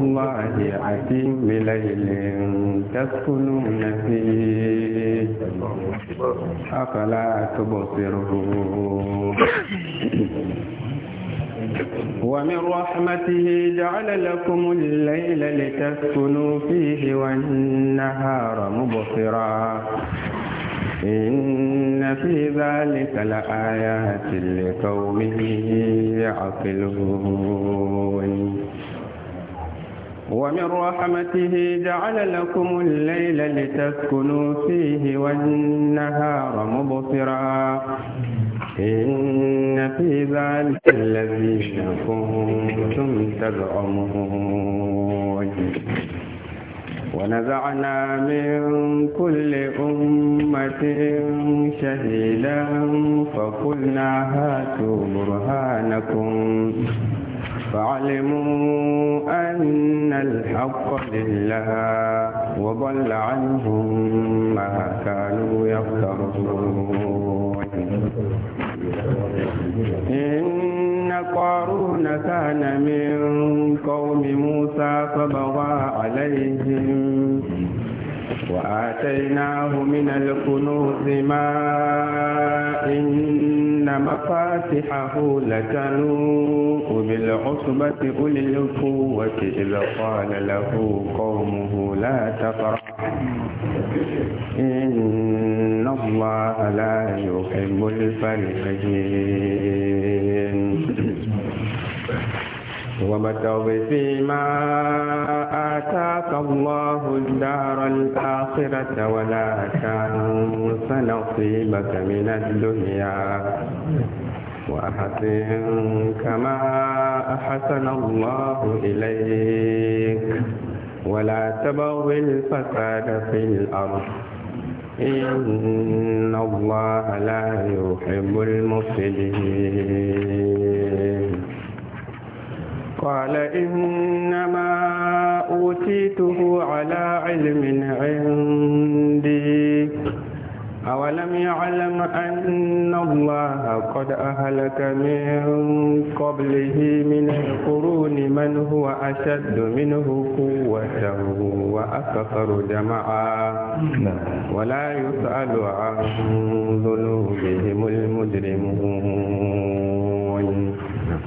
الله عتيم بليل تسكنون فيه أفلا تبصره ومن رحمته جعل لكم الليل لتسكنوا فيه والنهار مبصرا إن في ذلك لآيات لقوم يعقلون ومن رحمته جعل لكم الليل لتسكنوا فيه والنهار مبصرا إن في ذلك الذين كنتم تزعمون ونزعنا من كل أمة شهيدا فقلنا هاتوا برهانكم فعلموا أن الحق لله وضل عنهم ما كانوا يفترون إن قارون كان من قوم موسى فبغى عليهم وآتيناه من الكنوز ما إن مفاتحه لتنوء بالعصبة أولي القوة إذ قال له قومه لا تفرح إن الله لا يحب الفرحين وابتغ فيما آتاك الله الدار الآخرة ولا تنس نصيبك من الدنيا وأحسن كما أحسن الله إليك ولا تبغ الفساد في الأرض إن الله لا يحب المفسدين قال إنما أوتيته على علم عندي أولم يعلم أن الله قد أهلك من قبله من القرون من هو أشد منه قوة وأكثر جمعا ولا يسأل عن ذنوبهم المجرمون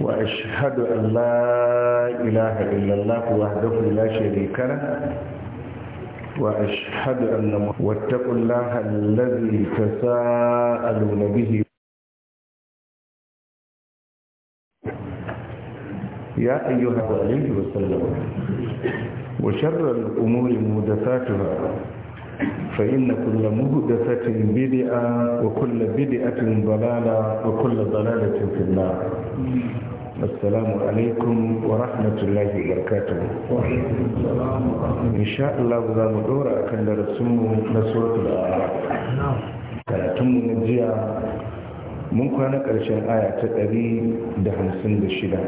وأشهد أن لا إله إلا الله وحده لا شريك له وأشهد أن واتقوا الله الذي تساءلون به يا أيها عليه وسلم وشر الأمور مهدفاتها فإن كل مهدفة بدعة وكل بدعة ضلالة وكل ضلالة في النار السلام عليكم ورحمة الله وبركاته إن شاء الله ذا مدورة كان لرسوم نسوة الأعراف كانتم نجيا من كان قرشان آية تقري ده hamsin da shida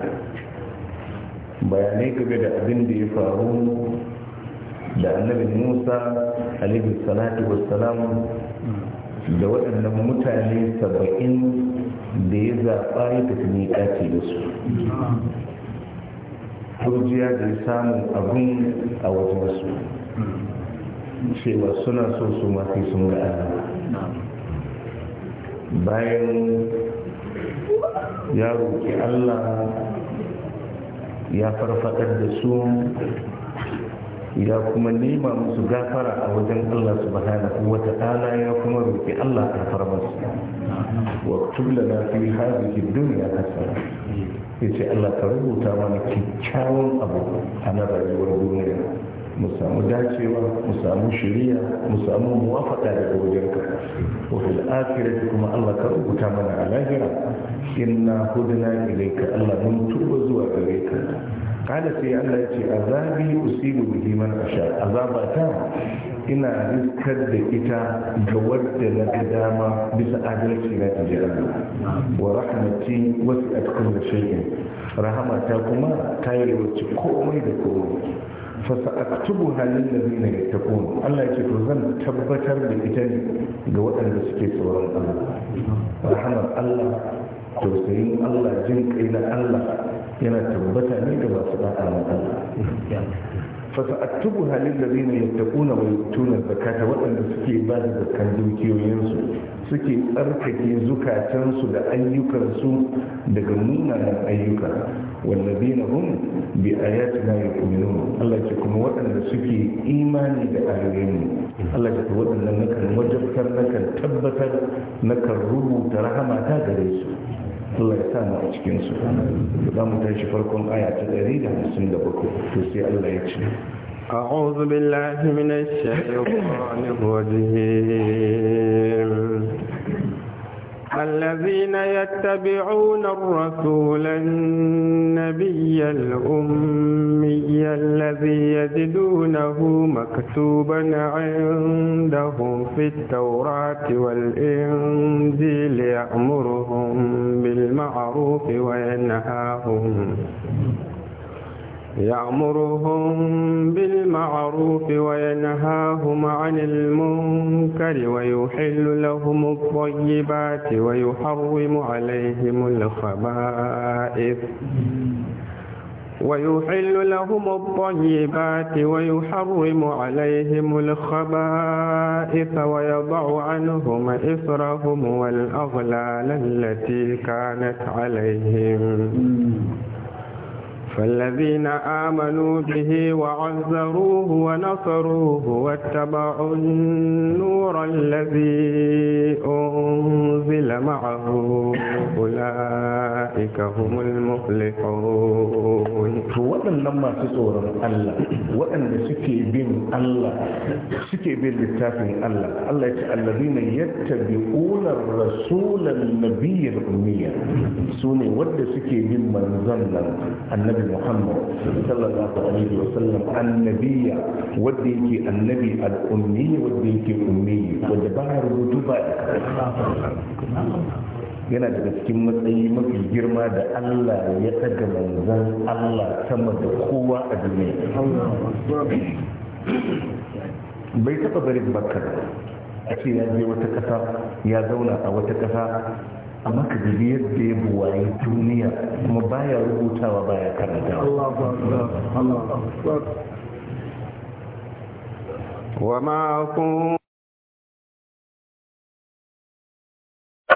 bayanai game da abin da ya faru da annabi musa alaihi salatu wassalam da waɗannan mutane saba'in da ya zaɓa ya tafi miƙaci da su turjiya da ya samu abin a wajen su cewa suna so su mafi sun ga bayan ya roƙi allah ya farfaɗar da su ya kuma nema musu gafara a wajen Allah subhanahu wa ta'ala ya kuma roki Allah gafarar su wa tubla na fi hadhihi dunya hasana yace Allah ka rubuta mana kyakkyawan abu a na rayuwar duniya mu samu dacewa mu samu shiriya mu samu muwafaka daga wajenka wa fil akhirati kuma Allah ka rubuta mana a lahira inna hudna ilayka Allah mun tuba zuwa gare ka kada sai Allah ce azabi usibu bihi man asha azabata ina riskar da ita ga wadda na ga dama bisa adalci na ta jira wa rahmati wasu a cikin da shaikin rahama ta kuma ta yi wacce komai da komai fasa aktubu halin da zina ya tafi Allah ce to zan tabbatar da ita ne ga waɗanda suke tsoron Allah rahamar Allah tausayin Allah jin kai na Allah yana tabbata ne ga masu da'a na Allah fasa attubu halin da zina ya taƙuna mai tunan zakata waɗanda suke ba da zakan dukiyoyinsu suke tsarkake zukatansu da ayyukansu daga munanan ayyuka wallabi na hun bi ya na ya kuminu Allah ce kuma waɗanda suke imani da ayoyinmu Allah ce waɗannan nakan wajabtar nakan tabbatar nakan rubuta rahama ta gare su Allah ya sa mu a cikin su za mu tashi farkon aya ta 157 to sai Allah ya ce أعوذ بالله من الشيطان الرجيم الذين يتبعون الرسول النبي الأمي الذي يجدونه مكتوبا عندهم في التوراة والإنجيل يأمرهم بالمعروف وينهاهم يأمرهم بالمعروف وينهاهم عن المنكر ويحل لهم الطيبات ويحرم عليهم الخبائث ويحل لهم الطيبات ويحرم عليهم الخبائث ويضع عنهم إثرهم والأغلال التي كانت عليهم فالذين آمنوا به وعزروه ونصروه واتبعوا النور الذي أنزل معه أولئك هم المفلحون وأن لما سورة الله waɗanda suke bin Allah suke bin littafin Allah Allah ya ce allazina yattabi'una rasulan nabiyyal ummiya sune wanda suke bin manzon nan annabi Muhammad sallallahu alaihi wa sallam annabiya wanda yake annabi al-ummi wanda yake ummi wanda ba rubutu ba yana daga cikin matsayi mafi girma da Allah ya daga manzan Allah sama da kowa a duniya bai taɓa barin bakar a ce ya je wata ƙasa ya zauna a wata ƙasa a ka yadda ya buwaye duniya kuma baya rubutawa baya karanta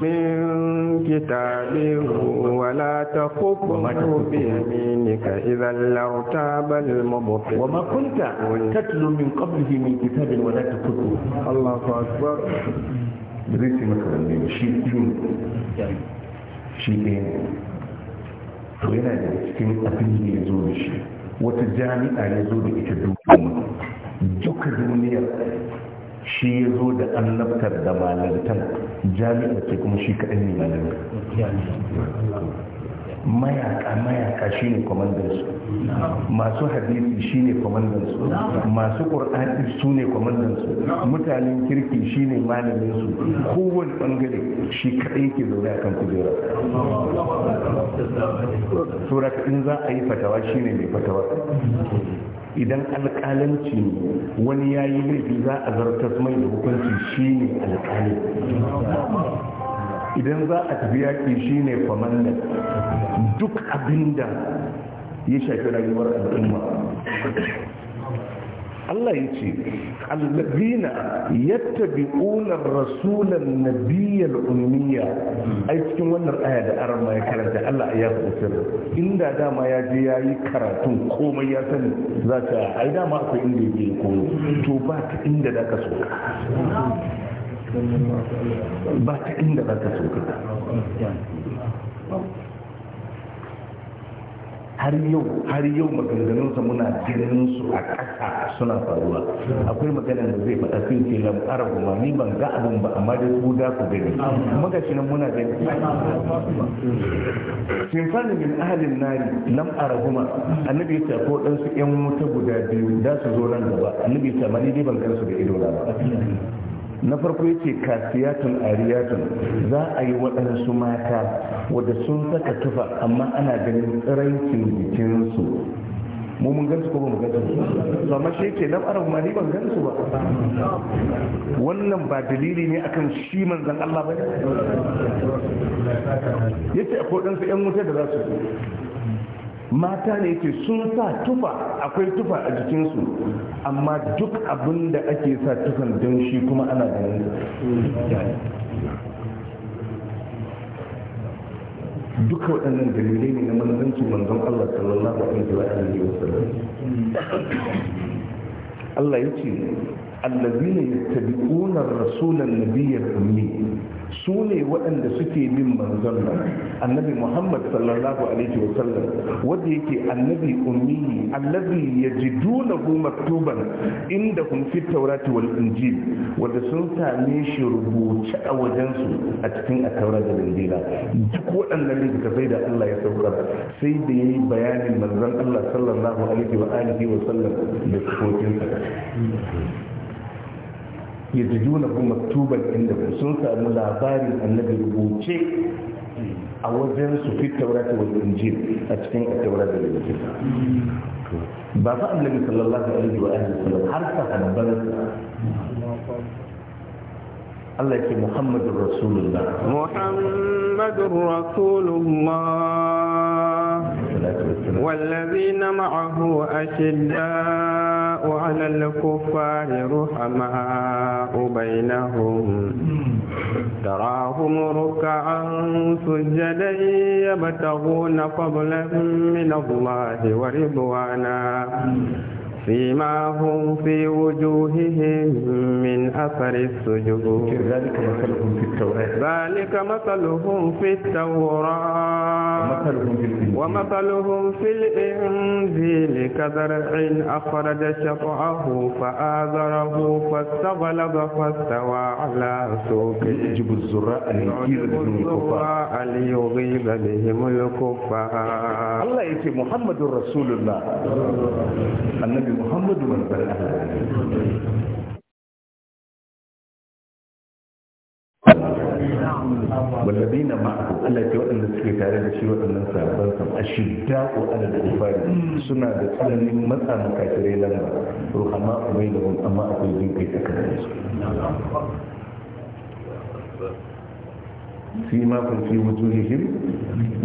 من كتابه ولا تخطه بيمينك إذا لارتاب المبطل وما كنت تتلو من قبله من كتاب ولا تخطه الله أكبر بريسي مثلا شيء شيء to yana da cikin abin da ya zo da shi wata jami'a ya zo da ita dukkan duka duniyar shi ya zo da annabtar da malantar jami'a ce kuma shi kaɗan ne malamai. mayaka mayaka shine kwamandansu masu hadisi shine kwamandansu masu ƙur'ani su ne kwamandansu mutanen kirki shine malaminsu kowane ɓangare shi kaɗai ke zaune a kan kujera tsoraka in za a yi fatawa shine mai fatawa idan alƙalanci wani ya yi laifi za a zartar mai da hukunci shi ne alƙali idan za a tafi yaƙi shi ne kwamanda duk abinda ya shafi rayuwar al'umma Allah ya ce allazina yattabi'una rasulan nabiyyal ummiya a cikin wannan aya da arama ya karanta Allah ya tsotsir inda dama ya je yi karatun komai ya sani za ta ai dama akwai inda yake komai to ba ta inda da ka soka ba ta inda za ka soka har yau har yau maganganunsa muna ganin su a ƙasa suna faruwa akwai magana da zai faɗa sun ce lamɓara kuma ni ban ga abin ba amma dai su da ku gani kuma nan muna gani sinfani min ahalin nari lamɓara kuma annabi ya ko ɗansu yan wuta guda biyu da su zo nan gaba annabi ya ce ma ni ban gan su da ido na ba na farko yake kasiyatun ariyatun za a yi waɗansu mata wadda sun saka tufa amma ana ganin tsirancin jikinsu mu mun gansu ko ba mu gansu su amma shi ce na fara ma ni ban gansu ba wannan ba dalili ne akan shi manzan Allah ba yace akwai dan su yan wuta da za su mata ne yake sun sa tufa akwai tufa a jikinsu amma duk abin da ake sa tufan don shi kuma ana ganin duka waɗannan dalilai ne na manzanci manzon Allah sallallahu alaihi wa sallam Allah ya ce allazina yattabi'una ar-rasul an-nabiy al su ne waɗanda suke bin manzon nan annabi Muhammad sallallahu alaihi wa sallam wanda yake annabi ummi allazi yajidunahu maktuban indahum fi at-taurati wal injil wanda sun same shi rubuce a wajen su a cikin at-taura da injila duk waɗannan littattafai da Allah ya saukar sai da yayi bayanin manzon Allah sallallahu alaihi wa alihi wa sallam da sifofinsa yajiduna kuma maktuban inda sun samu labarin annabi rubuce a wajen su fi taurata wal injil a cikin taurata da injil ba fa annabi sallallahu alaihi wa alihi wasallam har sahabban Allah yake Muhammadu Rasulullah Muhammadu Rasulullah والذين معه أشداء على الكفار رحماء بينهم تراهم ركعا سجدا يبتغون فضلا من الله ورضوانا فيما هم في وجوههم من أثر السجود ذلك مثلهم في التوراة ذلك مثلهم في التوراة ومثلهم في الإنجيل كزرع أخرج شطعه فآذره فاستغلظ فاستوى على سوق يجب الزراء ليغيب بهم الكفار الله يتي محمد رسول الله النبي محمد ومن بلغه والذين معه الا كان السكرتير بشيوة الناس عبارتهم الشداء على الكفار سنة دخلن من أم كثير لما رحماء بينهم أما أقول لهم كيف كانت فيما في وجوههم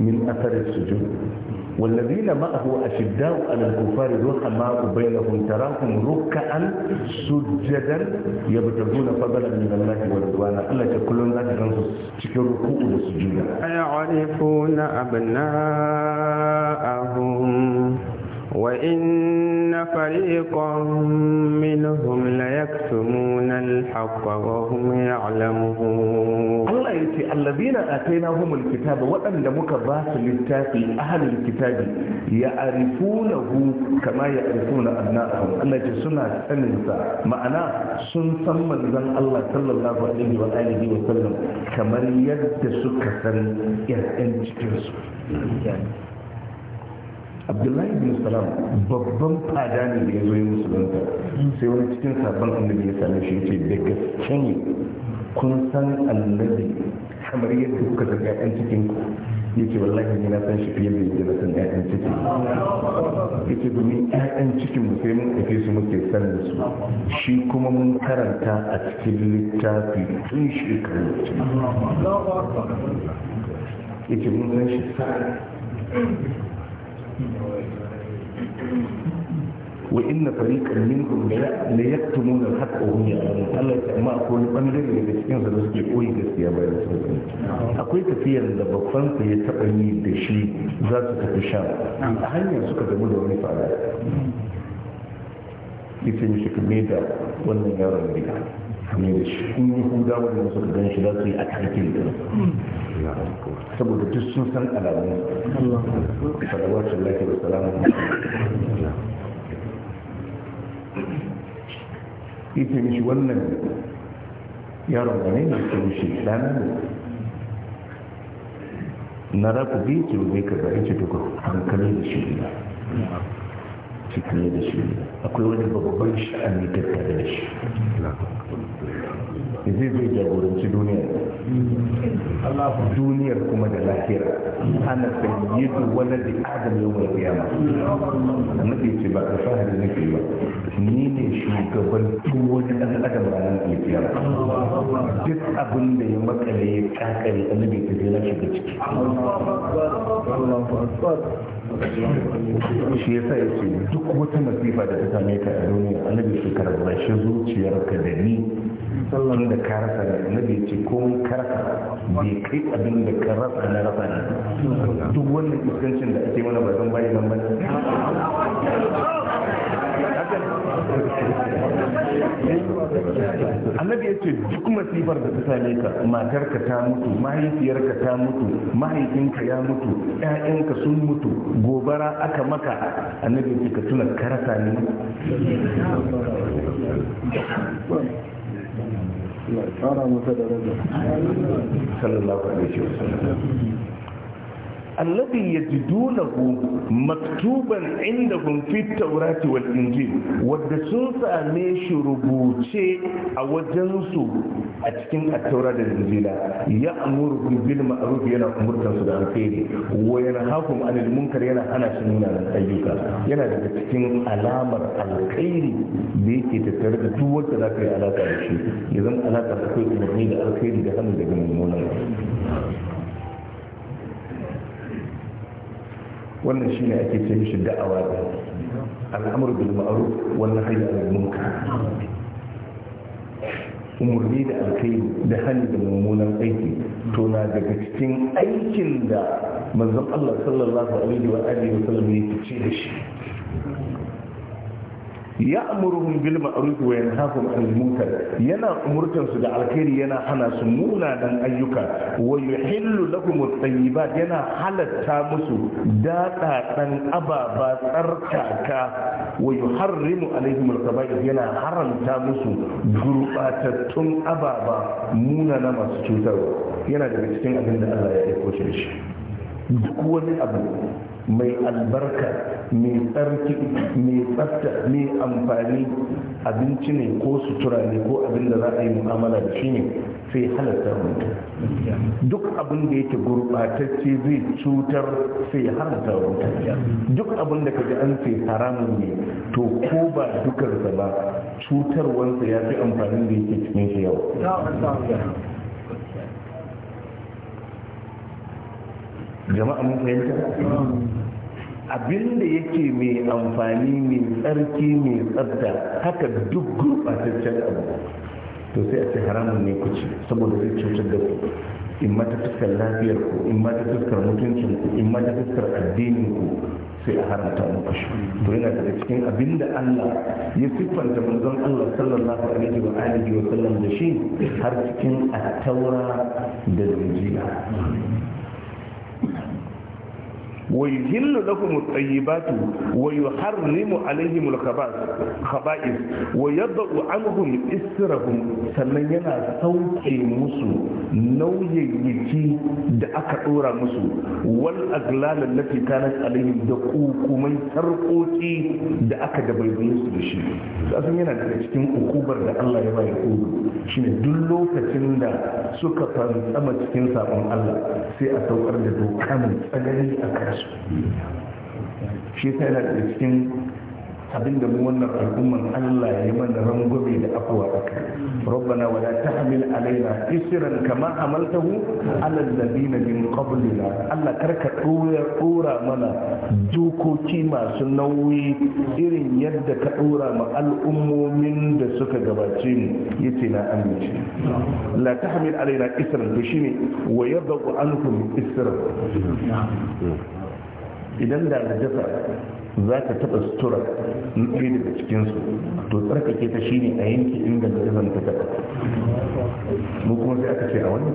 من أثر السجود والذين معه أشداء على الكفار رحماء بينهم تراهم ركعا سجدا يبتغون فضلا من الله ورضوانا الله كل الناس تنسوا شكر ركوع وسجودا يعرفون أبناءهم وإن فريقا منهم ليكتمون الحق وهم يعلمون الله يتي الذين آتيناهم الكتاب وأن لمك باس للتافي أهل الكتاب يعرفونه كما يعرفون أبنائهم الله يتي سنة سننسى معنى سنسى من ذن الله صلى الله عليه وآله وسلم كما يدسك سن يرأنت كرسو abdullahi bin salam babban fada ne da ya zo ya musulunta sai wani cikin sabon annabi ya same shi ce da gaske ne kun san annabi kamar yadda kuka san ƴaƴan cikin ku yace wallahi ni na san shi fiye da yadda na san ƴaƴan cikin ce domin ƴaƴan cikin mu sai mun tafi su muke san da su shi kuma mun karanta a cikin littafi tun shekaru ce mun san shi sa'a wa inna fariqan minkum la yaktumuna al-haqqa wa hum ya'lamun Allah ya amma akwai wani bangare daga cikin su da suke koyi gaskiya bayan sun sani akwai tafiyar da babban ya taba yi da shi za su tafi sha a hanyar suka gamu da wani fara yace mishi kame da wannan yaron gida ne da shi kun yi huda wanda masu gan shi za su yi a karkin da saboda duk sun san alamun salawatun lafi da salamun ita mishi wannan yaron da ne ke mishi ɗana ne na raku biyu ke rube ka ga ce duka hankali da shi gida fiye da shi akwai wani babban sha'ani tattare da shi zai zai jagoranci duniya duniyar kuma da lahira ana sayyidu wala da adam yau mai kiyama annabi ce ba ka fahari nake ba ni ne shugaban duk wani dan adam ranar kiyama duk abin da ya makale ya kakare annabi ta je na shiga ciki shi yasa ya ce duk wata masifa da ta same ka a duniya annabi su shi zuciyarka da ni sallan da ka rasa da annabi ce komai ka rasa bai kai abin da ka rasa na rasa ne duk wannan kuskancin da ake mana bazan bayi nan ba annabi ya ce duk masifar da ta same ka matarka ta mutu mahaifiyarka ta mutu mahaifinka ya mutu ƴaƴanka sun mutu gobara aka maka annabi ya ce ka tuna karasa ne Allah ya fara masa da raja sallallahu alaihi wasallam alladhi yajidunahu maktuban indahum fi taurati wal injil wadda sun same shi rubuce a wajensu a cikin attaura da injila ya amuru bil ma'ruf yana umurtan su da alkhairi wa yanhahum anil munkar yana hana shi munanan ayyuka yana daga cikin alamar alkhairi da yake tattare da duk wanda zaka yi alaka da shi zama alaka akwai umarni da alkhairi da hannu daga mummunan wannan shine ake ce mishi da'awa da al'amru bil ma'ruf wal hanyar anil munkar umarni da alkai da hannu da mummunan aiki to na daga cikin aikin da manzon Allah sallallahu alaihi wa alihi wa sallam yake ce da shi ya ya'muruhum bil ma'ruf wa yanhahum 'anil munkar yana umurtan da alkhairi yana hana su muna munanan ayyuka wa yuhillu lahum at-tayyibat yana halatta musu dadadan ababa tsarkaka wa yuharrimu alaihim al-kaba'ir yana haramta musu gurbatattun ababa munana masu cutarwa yana daga cikin abin da Allah ya aiko shi duk wani abu mai albarka mai tsarki mai tsafta mai amfani abinci ne ko sutura ne ko abin da za a yi mu'amala da shi ne sai halatta mutu duk abin da yake gurɓatacce zai cutar sai halatta mutu duk abin da kaji an sai haramun ne to ko ba dukarsa ba cutarwansa ya fi amfani da yake cikin shi yau jama'a mun fahimta abinda yake mai amfani mai tsarki mai tsabta haka duk gurɓataccen abu to sai a ce haramun ne ku ci saboda zai cutar da ku in ma ta fuskar lafiyar ku in ma ta fuskar mutuncin ku in ma ta fuskar addinin ku sai a haramta mu kashi to yana daga cikin abin da Allah ya siffanta manzon Allah sallallahu alaihi wa alihi wa sallam da shi har cikin at-taura da injila ويهل لكم الطيبات ويحرم عليهم الخبائث ويضع عنهم إسرهم sannan yana sauke musu nauyayyaki da aka ɗora musu wal aglala lati kanat alaihim da kukumai sarƙoƙi da aka dabaibaye su da shi asan yana daga cikin ukubar da Allah ya bayar ku shine duk lokacin da suka fantsama cikin sabon Allah sai a saukar da dokan tsanani a kansu su shi sai yana da cikin abin da mu wannan al'umman Allah ya mana rangwame da afuwa aka rabbana wala tahmil alaina isran kama amaltahu ala alladhina min qablina Allah karka dora dora mana jukoki masu nauyi irin yadda ka dora ma al'ummomin da suka gabace mu yace na amince la tahmil alaina isran to shine wa yabqa ankum isran idan da najasa za ka taɓa sutura in ɗaya daga cikinsu to tsarkake ta shi ne a yanki inda najasan ta taɓa mu kuma sai aka ce a wani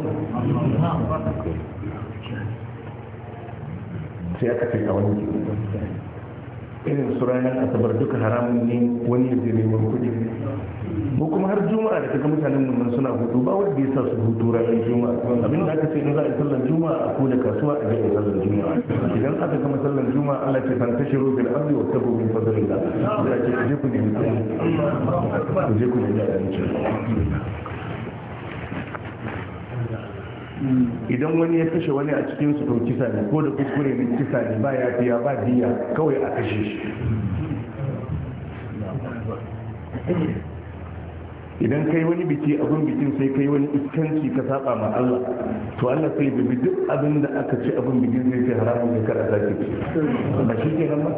sai aka ce a wani irin su ranar asabar duka haramun ne wani ya neman kuɗi ko kuma har juma'a da kaga mutanen mu suna hutu ba wanda ya sa su hutu ranar juma'a abin da aka ce in za a sallar juma'a a kula kasuwa a ga sallar juma'a idan aka gama sallar juma'a Allah ce tashi tashiru da abu wa tabu min fadlillah ya ce je ku ku je ku nemi abinci idan wani ya kashe wani a cikin su to sani ko da kuskure ne kisa ne ba ya fiya ba diya kawai a kashe shi idan kai wani biki abun bikin sai kai wani iskanci ka saba ma Allah to Allah sai bi duk abin da aka ci abun bikin zai ce haramun ne kada ta ci ba shi ke nan ba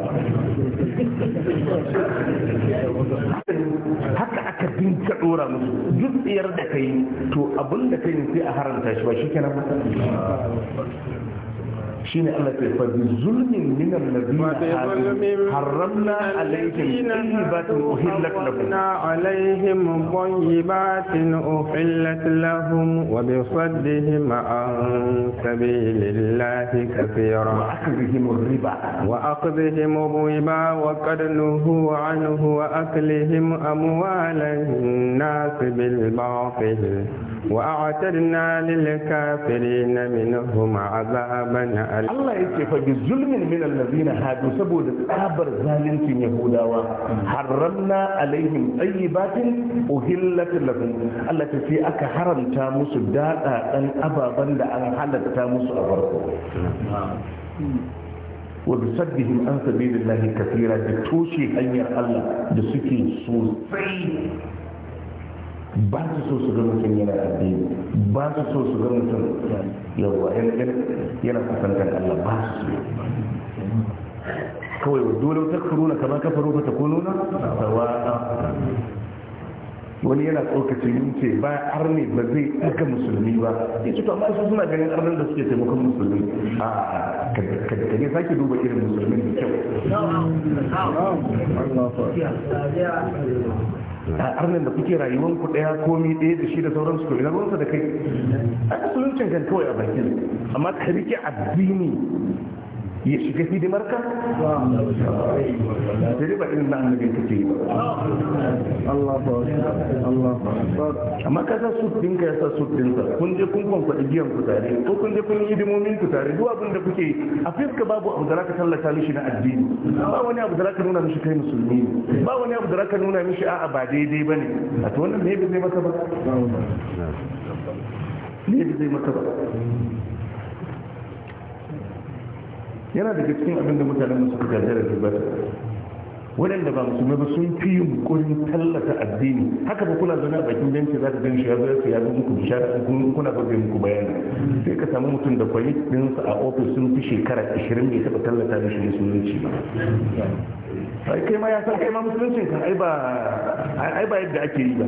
haka aka dinka dora musu duk tsiyar da kai to abin da kai sai a haramta shi ba shi ke nan ba شين الله فبالظلم من الذين حرمنا عليهم طيبات أحلت لهم عليهم طيبات أحلت لهم وبصدهم عن سبيل الله كثيرا وأخذهم الربا وأخذهم الربا وقد نهوا عنه وأكلهم أموال الناس بالباطل وأعتدنا للكافرين منهم عذابا Allah ya ce bi zulmin min allazina hadu saboda tsabar zaluncin yahudawa haramna alaihim tayyibatin uhillat lahum Allah ta ce aka haramta musu dada dan ababan da an halatta musu a farko wa bi saddihim an sabilillahi kathira da toshe hanyar Allah da suke sosai ba su so su ga mutum yana addini ba su so su ga mutum yankin yana kusantar Allah ba su so kawai wa dole ta na kama kafa ba ta kununa sawa'a wani yana tsokacin ce ba arne ba zai ɗaga musulmi ba ya ce to amma su suna ganin arnin da suke taimakon musulmi a kaddare sake duba irin musulmi da kyau a arnan da kuke rayuwan ku daya komi daya da shi da sauransu to ina ruwansa da kai a musuluncin kan kawai a bakin amma ka rike addini ya shiga hidimar ka sai ba irin na annabin kake yi Allah ba Allah ba amma ka sa sut ɗinka ya sa sut ɗinsa kun je kun kwankwaɗi giyan ku tare ko kun je kun yi hidimomin ku tare duk abin da kuke a fiska babu abu da za ka tallata mishi na addini ba wani abu da za ka nuna mishi kai musulmi ba wani abu da za ka nuna mishi a'a ba daidai ba ne a to wannan ne bai zai maka ba ne bai zai maka ba yana daga cikin abin da mutane suka gajara da ba waɗanda ba musulmai ba sun fi yunkurin tallata addini haka ba kula zana a bakin benci za ka ganshi ya zo ya zo muku bisha kuna ba zai muku bayani sai ka samu mutum da kwali ɗinsa a ofis sun fi shekara 20 bai taɓa tallata da shi musulunci ba kai ma ya san kai ma musulunci kan ai ba yadda ake yi ba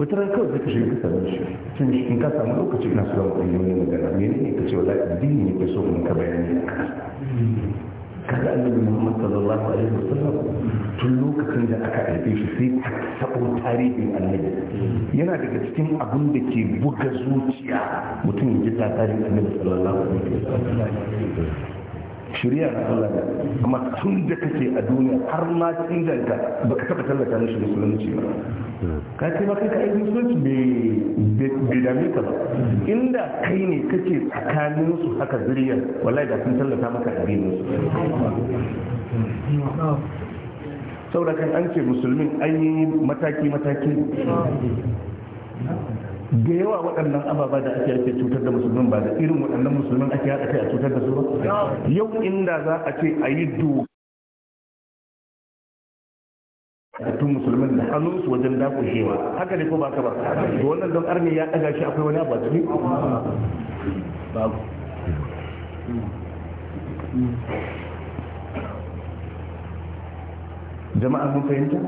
wata ran kawai zaka shiga ka same shi tun in ka samu lokaci ina so mu yi wani magana me ne ka ce wallahi addini ne ke so mun ka bayani Ka kaga annabi Muhammad sallallahu alaihi wasallam tun lokacin da aka haife shi sai ka sabo tarihin annabi yana daga cikin abin da ke buga zuciya mutum ya ji tarihin annabi sallallahu alaihi wasallam shirya na Allah ne amma tun da kake a duniya har ma inganta baka taba tallata mishi musulunci ba ka ce ba kai ka yi musulunci bai dame ka ba inda kai ne kake tsakanin su haka zuriya wallahi da sun tallata maka addinin su saboda kan an ce musulmin an yi mataki mataki da yawa waɗannan ababa da ake ake cutar da musulmin ba da irin waɗannan musulmin ake haɗa kai a cutar da su ba yau inda za a ce a yi doka tun musulmin da hannunsu wajen dakushewa haka ne ko ba ka ba da wannan don arni ya ɗaga shi akwai wani abu a ciki jama'a mun fahimta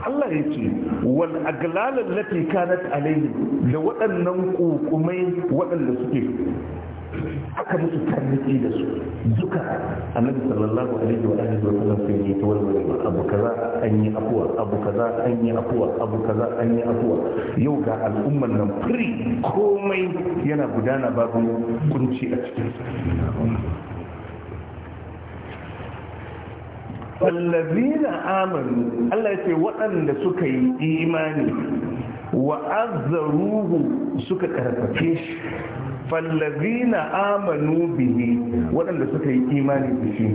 Allah ya ce wal aglalar lati kanat alayhi da waɗannan kukumai waɗanda suke aka musu tarniki da su duka annabi sallallahu alaihi wa alihi wa sallam sai ya tawalla ba abu kaza an yi afuwa abu kaza an yi afuwa abu kaza an yi afuwa yau ga al'umman nan firi komai yana gudana babu kunci a cikin wallazina amanu Allah ce waɗanda suka yi imani wa azzaruhu suka karfafe shi fallazina amanu bihi waɗanda suka yi imani da shi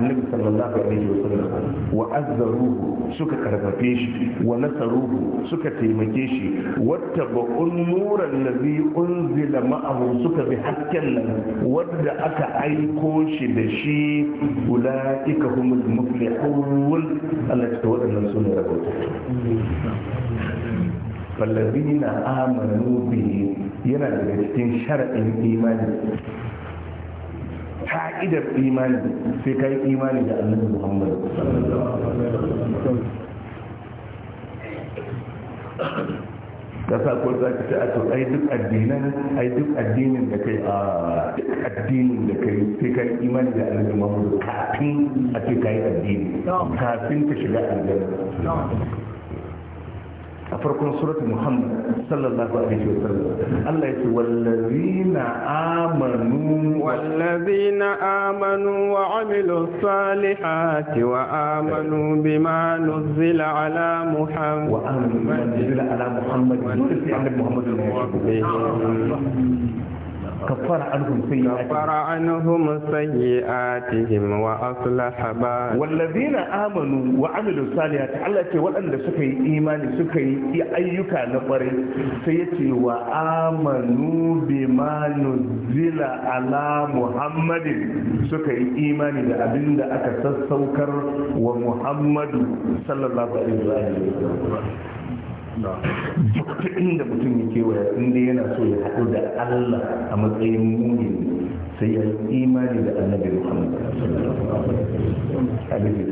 annabi sallallahu alaihi wasallam wa azzaruhu suka karfafe shi wa nasaruhu suka taimake shi wata ba'un nuran ladhi unzila ma'ahu suka bi hakkan nan wanda aka aiko shi da shi ulaika humul muflihun Allah ta waɗannan su ne rahoto fallazina amanu bihi yana daga cikin sharaɗin imani ka'idar imani sai ka yi imani da annabi muhammad kasa ko za ka ce a to ai duk addinan ai duk addinin da kai a duk addinin da kai sai ka yi imani da annabi muhammad kafin a ce ka yi addini kafin ka shiga aljanna a farkon suratul muhammad sallallahu alaihi wa sallam Allah ya ce wallazina amanu wallazina amanu wa amilu salihati wa amanu bima nuzila ala muhammad wa amanu bima nuzila ala muhammad dole sai annabi muhammad ne كفر عنهم سيئاتهم كفر عنهم سيئاتهم وأصلح بالهم والذين آمنوا وعملوا الصالحات الله يقول وأن سكي إيمان سكي أيك نقري سيأتي وآمنوا بما نزل على محمد سكي إيمان لأبن أكثر سوكر ومحمد صلى الله عليه وسلم duk inda mutum ya kewaya inda yana so ya haɗu da Allah a matsayin mumin sai ya yi imani da annabi Muhammad alaihi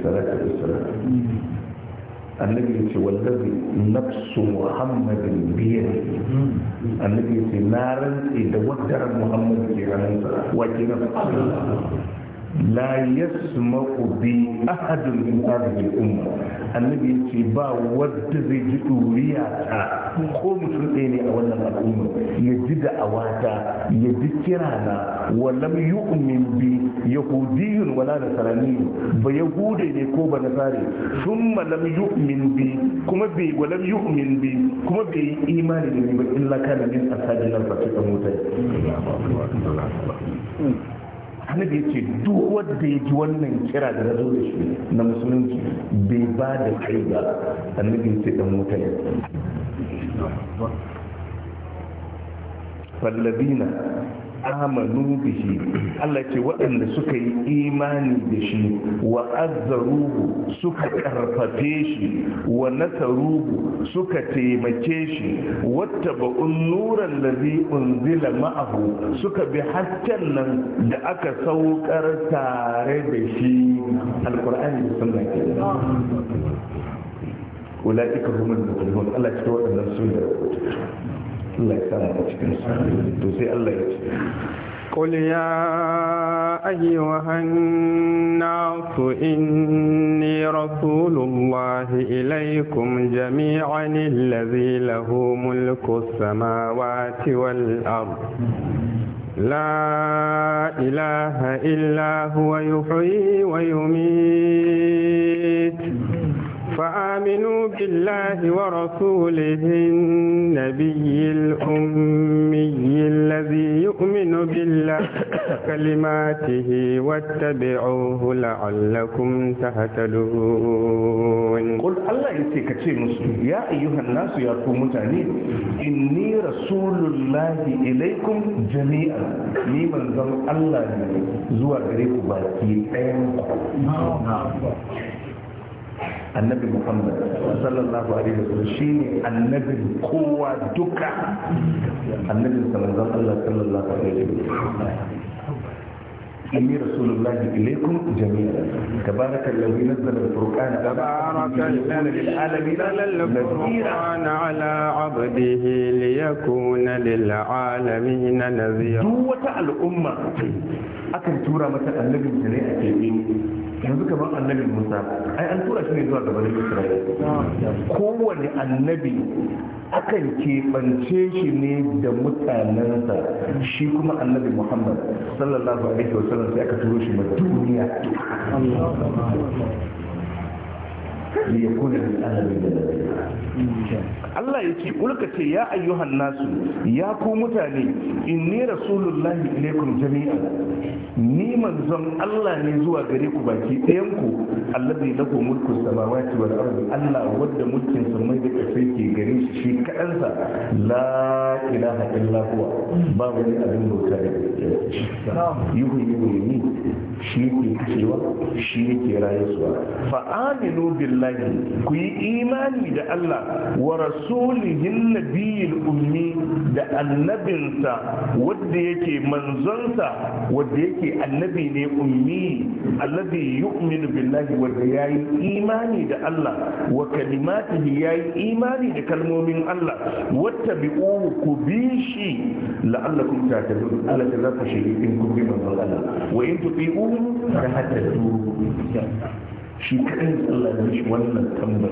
salatu wassalam annabi ya ce wallazi nafsu muhammadin biyan annabi ya ce na rantse da wadda muhammad ke hannunsa wa ke nan la yasma'u bi ahadun min umma annabi yace ba wanda zai ji duriya ta ko mutum ɗaya ne a wannan al'umma ya ji awata ya ji na, wa yi umin bi Yahudiyun wala nasraniyyun ba yahude ne ko ba nasare thumma yi umin bi kuma bai wa yi umin bi kuma bai yi imani da ni ba illa kana min ashabin nan ta mutane annabi ya ce duk wanda ya ji wannan kira da zo da shi na musulunci bai ba da kai ba annabi ya ce dan mutane ne amanu shi Allah ce waɗanda suka yi imani da shi wa azzaruhu suka karfafe shi wa nasaruhu suka taimake shi wata ba'un nuran zai unzila ma'ahu suka bi hasken nan da aka saukar tare da shi alkur'ani da sunna ke ulaika humul mutlaqun Allah ce waɗannan su da Allah ya sa mu cikin su to sai Allah ya ce قل يا أيها الناس إني رسول الله إليكم جميعا الذي له ملك السماوات والأرض لا إله إلا هو يحيي ويميت فآمنوا بالله ورسوله النبي الأمي الذي يؤمن بالله كلماته واتبعوه لعلكم تهتدون قل الله يتكتي مسلم يا أيها الناس يا قوم إني رسول الله إليكم جميعا لمن manzon الله زوى غريب باكي ku نعم. نعم. annabi muhammad sallallahu alaihi wasallam shine annabin kowa duka annabin manzon Allah sallallahu alaihi wasallam إني رسول الله إليكم جميعا تبارك الذي نزل الفرقان تبارك الذي نزل الفرقان على عبده ليكون للعالمين نذيرا دوة الأمة أكن تورا مثلا النبي سنة أكيدين yanzu kamar annabi musa ai an tura shi ne zuwa gabanin isra'ila kowane annabi akan keɓance shi ne da mutanensa shi kuma annabi muhammad sallallahu alaihi wasallam sai aka turo shi ma duniya ليكون الآن من Allah ya ce kulka ce ya ayyuhan nasu ya ku mutane inni rasulullahi ilaikum jami'a ni manzon Allah ne zuwa gare ku baki ɗayan ku allazi lahu mulku samawati wal ardi Allah wadda mulkin samai da kasai ke gare shi shi kadan sa la ilaha illa huwa ba wani abin bauta da yuhu yi ni shi ke cewa shi ke rayuwa fa aminu billahi billahi ku yi imani da Allah wa rasulihin nabiyil ummi da annabinsa wanda yake manzonsa wanda yake annabi ne ummi alladhi yu'minu billahi wanda yayi imani da Allah wa kalimatihi yayi imani da kalmomin Allah wata bi'u ku bi shi la'allakum tahtadun Allah ta zaka shi in ku bi manzon Allah wa in tuqiu tahtadun shi kaɗai Allah ya mishi wannan tambar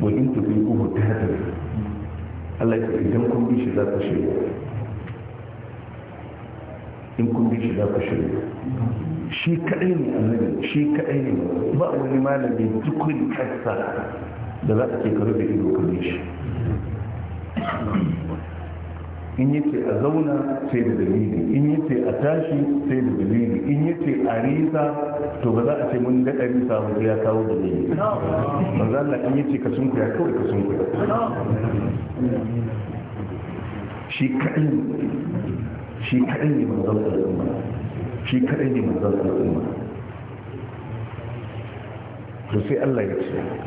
wa in ta zai uhu ta hadar Allah ya idan kun bi shi za ku shirya in kun bi shi za ku shirya shi kaɗai ne annabi shi kaɗai ne ba wani malami dukkan kansa da za a ke karo da ido kan shi in yace a zauna sai da dalili in yace a tashi sai da dalili in yace a risa to ba za a ce mun daɗa risa ba ya kawo dalili manzo Allah in yace ka sunkuya kawai ka sunkuya shi kaɗai shi kaɗai ne manzo al'umma shi kaɗai ne manzo al'umma to sai Allah ya ce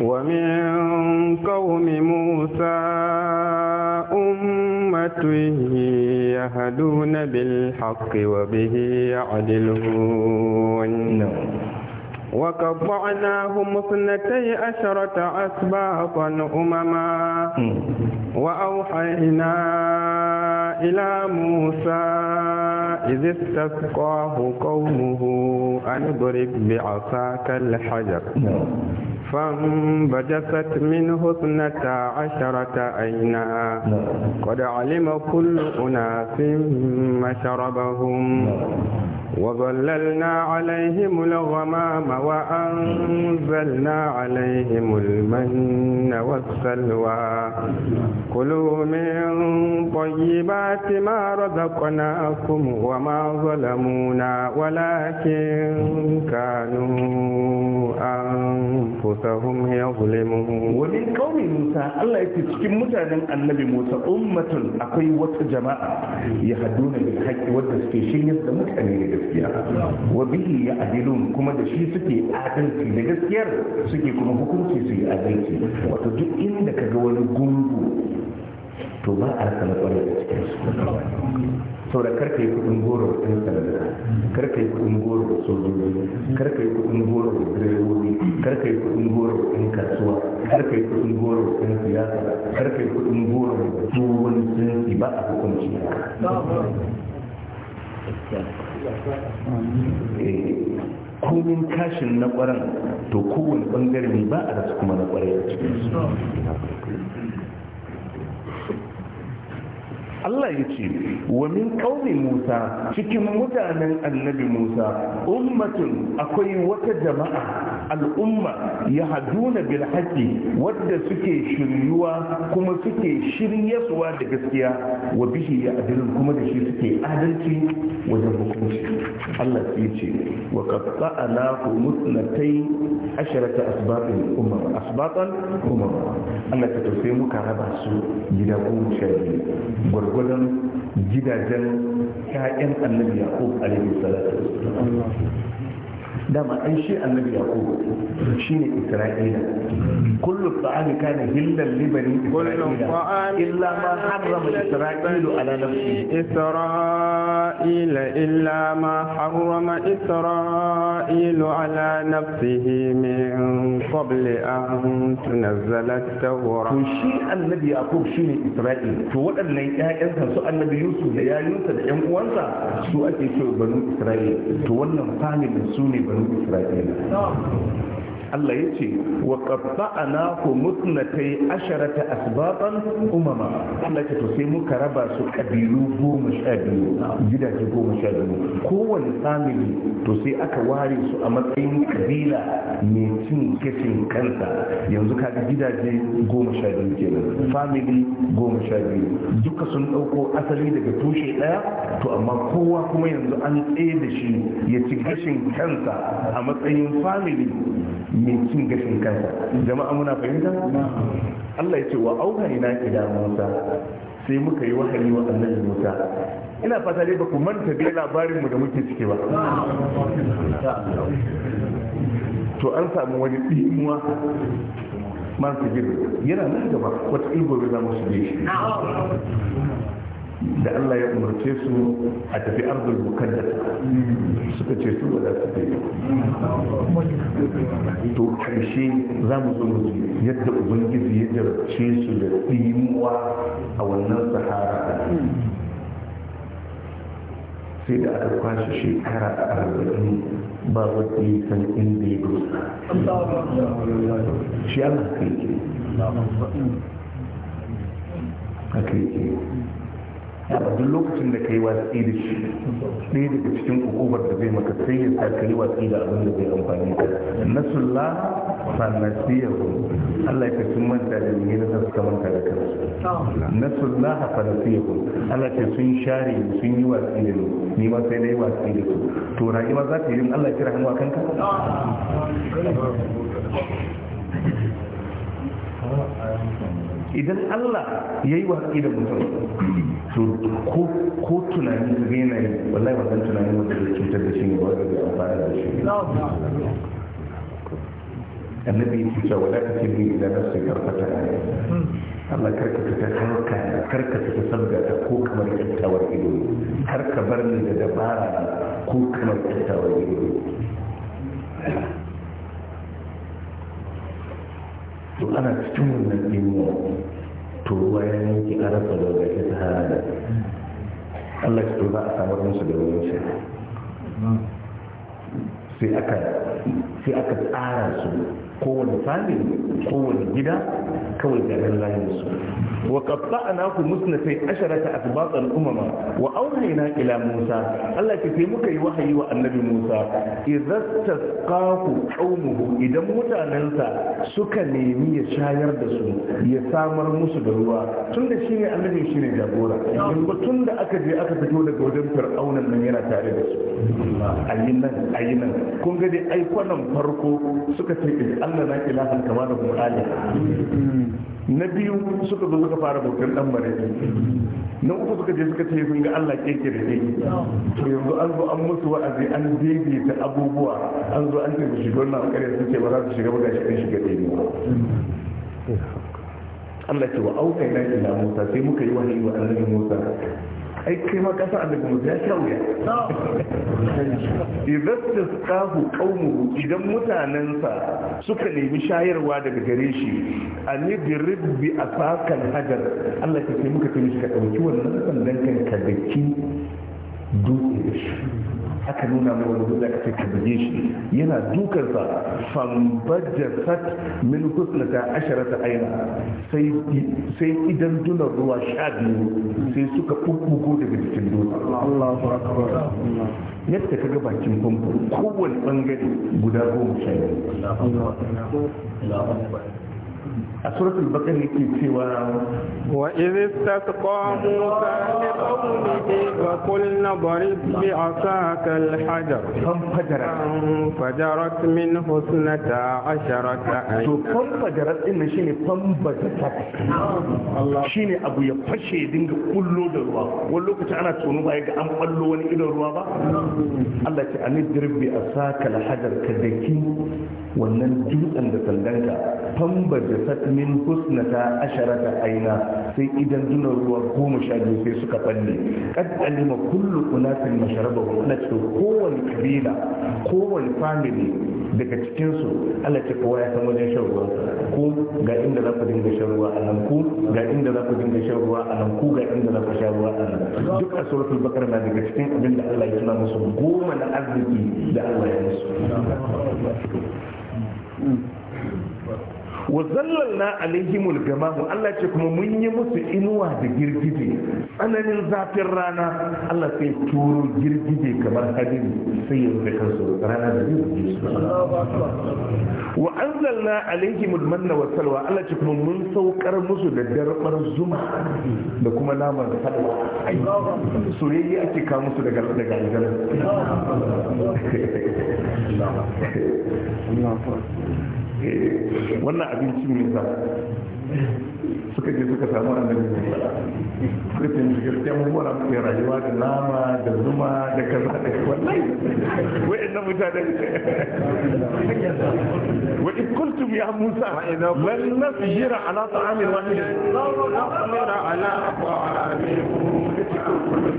ومن قوم موسى أمة يهدون بالحق وبه يعدلون نعم. وقطعناهم اثنتي عشرة أسباطا أمما وأوحينا إلى موسى إذ استسقاه قومه أن اضرب بعصاك الحجر فانبجست منه اثنتا عشرة عينا قد علم كل أناس مشربهم وظللنا عليهم الغمام وأنزلنا عليهم المن والسلوى كلوا من طيبات ما رزقناكم وما ظلمونا ولكن كانوا أنفسهم يظلمون ومن قوم موسى الله يتشكي متعنا النبي موسى أمة أقوى جماعة يهدون بالحق والتسكيشين يبدأ متعني gaskiya wa bihi ya'dilun kuma da shi suke adalci da gaskiyar suke kuma hukunci su yi adalci wato duk inda kaga wani gungu to ba a rasa matsalar da cikin su saboda karka yi kudin goro da ɗan sanda karka yi kudin goro da sojoji karka yi kudin goro da direbobi karka yi kudin goro da ɗan kasuwa karka yi kudin goro da ɗan siyasa karka yi kudin goro da duk wani jinsi ba a hukunci Eh, komin kashin na kwaran to kowane bangare ne ba a rasu kuma na kwarai a cikin Allah ya ce wa min ƙaunin Musa cikin mutanen annabi Musa ummatun akwai wata jama'a al'umma ya haduna bil haqqi wadda suke shiryuwa kuma suke shiryasuwa da gaskiya wa bihi ya adilun kuma da shi suke adalci wajen hukunci Allah sai ce wa qatta'na ku musnatai asharata asbaqin umar asbaqan umar Allah ta tafi muka raba su gida goma sha biyu gwargwadon gidajen yayan annabi yaqub alaihi salatu ده ما أي شيء النبي يقول شين إسرائيل كل الطعام كان هلا لبني إسرائيل إلا ما حرم إسرائيل على نفسه إسرائيل إلا ما حرم إسرائيل على نفسه من قبل أن تنزل التوراة شيء النبي يقول شين إسرائيل شو اللي يذهب سؤال النبي يوسف يا يوسف يوم وانسى سؤال يسوع بنو إسرائيل تولى مقام من سوني bani isra'ila Allah ya ce wa qatta'na ku mutnatai asharata asbatan umama Allah ya to sai muka raba su kabilu goma sha biyu gidaje goma sha biyu kowane family to sai aka ware su a matsayin kabila mai cin gashin kansa yanzu kaga gidaje goma sha biyu nan family goma sha biyu duka sun ɗauko asali daga tushe ɗaya to amma kowa kuma yanzu an tsaye da shi ya ci gashin kansa a matsayin family mai cin gashin kansa jama'a muna fahimta Allah ya ce wa auha ina ila Musa sai muka yi wahayi wa annabi Musa ina fata dai baku manta dai labarin mu da muke ciki ba to an samu wani dimuwa man su yana nan gaba wata ilgo za mu shige shi da Allah ya umarce su a tafi arzul mukaddas suka ce su da su yi to kashi za mu zo yadda ubangiji ya jarabce su da tsimuwa a wannan sahara sai da aka kwashe shekara arba'in ba wata yi san inda ya dosa shi ana kai ke duk lokacin da ka yi watsi da shi ɗaya daga cikin hukumar da zai maka sai ya sa ka yi watsi da abin da zai amfani ka nasulla fanasiyahu Allah ya kasu manta da ne na suka manta da kansu nasulla fanasiyahu Allah ya sun share sun yi watsi da ni ni ma sai na yi watsi da su to ra'i ma za ta yi Allah ya kira hannu a kanka Thank idan Allah ya yi watsi da mutum to ko tunani da yana yi wallahi ba zan tunani wanda zai cutar da shi ne ba zai amfana da shi annabi ya cuta wa daga cikin idan nasu karfata ne Allah karkata ta harka karkata ta sabga ta ko kamar kyakkyawar ido har bar ni da dabara ko kamar kyakkyawar ido to ana cikin wannan ɗinmu to ruwa ya yanki a rasa da wata ta hada Allah ya za a samar musu da ruwan sha sai aka tsara su kowane sami kowane gida kawai da ran layin su wa naku musna sai asharata asbaq al-umama wa na ila Musa Allah ke sai muka yi wahayi wa annabi Musa idza tasqahu qaumuhu idan mutanensa suka nemi ya shayar da su ya samar musu da ruwa tun da shi ne annabi shi ne jagora yanzu da aka je aka fito daga wajen fir'aunan nan yana tare da su ayin nan ayi nan kun ga dai ai farko suka ce Allah na ilahan kama da kuma na biyu suka zo suka fara bautar dan bare na uku suka je suka ce sun ga Allah ke kire ke to yanzu an zo an musu wa'azi an daidaita abubuwa an zo an tafi shigar shiga kare alƙarya sun ce ba za su shiga ba ga shi an shiga daidai Allah ce wa auka ila Musa sai muka yi wani wa annabi Musa ai kai ma kasa daga mutu ya sha wuya idastas kahu qaumu idan mutanensa suka nemi shayarwa daga gare shi an yadrib bi fakan hajar Allah ya kai muka kai shi ka ɗauki wannan sandan kan ka daki dutse da shi aka nuna mai wani hulɗa aka ka buge shi yana dukansa fambajasat min husnata ta aina sai sai idan dunar ruwa sha biyu sai suka bubbugo daga jikin dutse Yadda ka ga bakin famfo kowane bangare guda goma sha biyu a suratul bakar yake cewa wa idza taqa musa li qawmihi wa qulna barid bi asaka hajar kam fajara fajarat min husnata asharata ay to kam fajarat din shine kam bazata Allah shine abu ya fashe dinga kullo da ruwa wani lokaci ana tsoro ba ga an kallo wani idan ruwa ba Allah ce an idrib bi asaka al hajar kadaki wannan dutsen da sandanka kam min husnata asharata aina sai idan duna ruwa goma sha biyu sai suka falle kad alima kullu unasin masharabahum Allah ce kowane kabila kowane family daga cikin su Allah ce kowa ya san wajen shan ruwa ko ga inda za ku dinga shan ruwa a nan ku ga inda za ku dinga shan ruwa a nan ku ga inda za ku sha ruwa a nan duk a suratul bakar na daga cikin abin da Allah ya tuna musu goma na arziki da Allah ya musu hmm. wa zallalna alaihimul gamamu Allah ce kuma mun yi musu inuwa da girgije tsananin zafin rana Allah sai turo girgije kamar hadin sai ya rufe kansu rana da girgije wa anzalna alaihimul manna wa salwa Allah ce kuma mun saukar musu da darbar zuma da kuma naman salwa soyayya ake kawo musu daga daga Allah wannan abinci mai za suka je suka samu annabi suka ce mu gaskiya mu mura mu rayuwa da nama da zuma da kaza da wallahi wa'in nan mutane wa in kuntum ya musa lan nasjira ala ta'amin wahid la nasjira ala ta'amin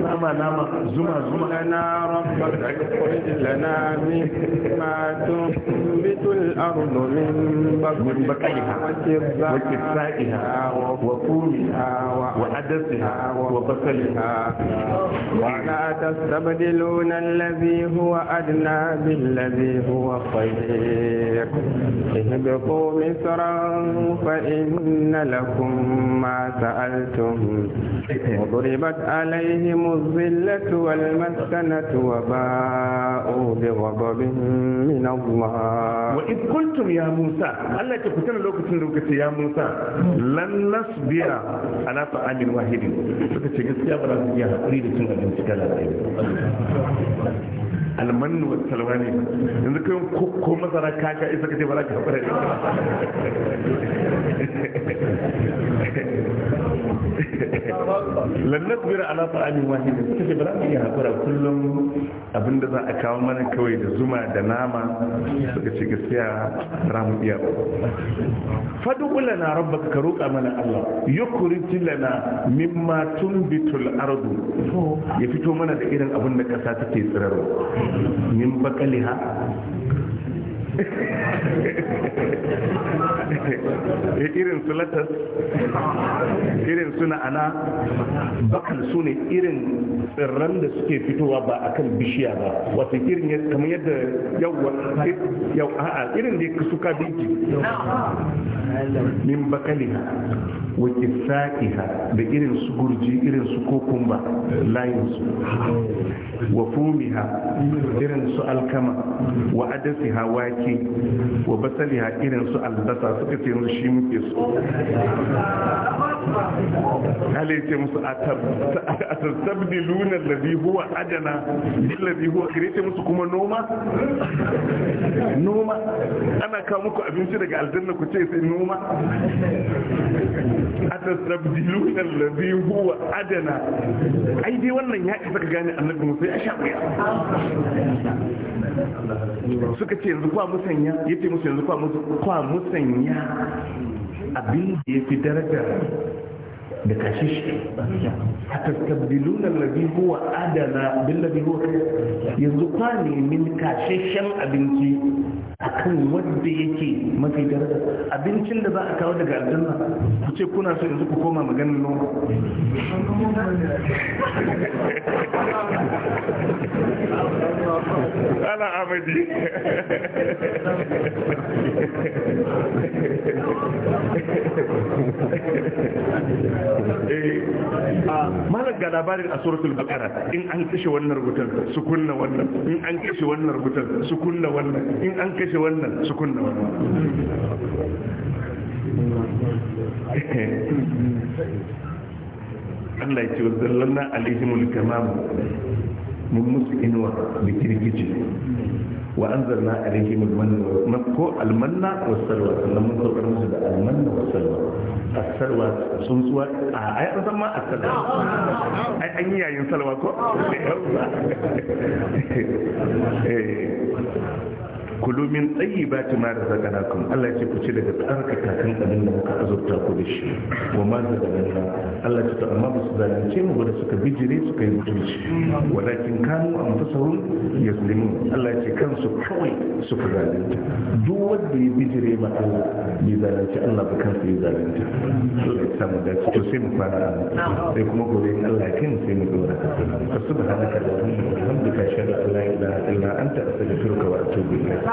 nama nama zuma zuma lana rabbak akhrij lana mimma tunbitu al-ardu min bakriha wa kisaiha wa wa adasiha wa basaliha wa la tastabdiluna alladhi huwa adna huwa khayr ihbitu misran fa inna lakum ma sa'altum عليهم الذلة والمسكنة وباءوا بغضب من الله وإذ قلتم يا موسى الله تكتن لوكتن لوكت يا موسى لن نصبر على طعام واحد فكتن يا برازيل يا حقيقة تنقل انتقال almannu wa salwa ne yanzu kai ko masara kaka isa kace ba za ka haɓar da lannas bira ala ta'amin wahid suka ce ba za mu iya hakura kullum abinda za a kawo mana kawai da zuma da nama suka ce gaskiya za mu iya ba fadu lana rabbaka ka roƙa mana Allah yukrit lana mimma tunbitul ardu ya fito mana da irin abin da kasa take tsirarwa min bakaliha Eh, irin su latas irin su na'ana bakan su ne irin tsirran da suke fitowa ba a kan bishiya ba wata irin kamar yadda yawwa yau a'a irin da su ka biki min bakaliha wa kisa'iha da irin su gurji irin su kokumba layin su wa fumiha irin su alkama wa adasiha wake wa basaliha irin su albasa suka ce shi You so Allah ya ce luna atastabdiluna alladhi huwa adana billadhi huwa kire ce musu kuma noma noma ana kawo muku abinci daga aljanna ku ce sai noma atastabdiluna alladhi huwa adana ai dai wannan ya isa ka gane annabi musa ya sha suka ce yanzu kwa musanya yace musu yanzu kwa musanya abin da ya fi daraja da kashi shi a tattabdilu labi huwa adana bin labi huwa yanzu kwa min kashashen abinci a kan wadda yake mafi daraja abincin da za a kawo daga aljanna ku ce kuna so yanzu ku koma maganin noma mala amadi eh, malar ga labarin a suratul bakara in an kashe wannan rubutun su kunna wannan in an kashe wannan rubutun su kunna wannan in an kashe wannan su kunna wannan Allah ya ce wa na alihimul kamamu mun musu inuwa da girgije wa anzalna alaihim almanna wa ko almanna wa salwa sannan mun saukar musu da almanna wa salwa as sun tsuwa a ah, ai an san ma asalwa salwa ai an yi yayin salwa ko eh kulu min tayyibati ma razaqnakum Allah ya ce ku ci daga tsarkaka kakan abin da muka azurta ku da shi wa ma zalalna Allah ya ce amma ba su zalunce mu ba da suka bijire suka yi mutunci walakin kanu anfusahum yazlimun Allah ya ce kansu kawai suka zalunta duk wanda ya bijire ma Allah bai zalunci Allah ba kansa ya zalunta Allah ya samu dace to sai mu fara sai kuma gobe in Allah ya kai mu sai mu dora subhanaka allahumma wa bihamdika ashhadu an la ilaha illa anta astaghfiruka wa atubu ilayk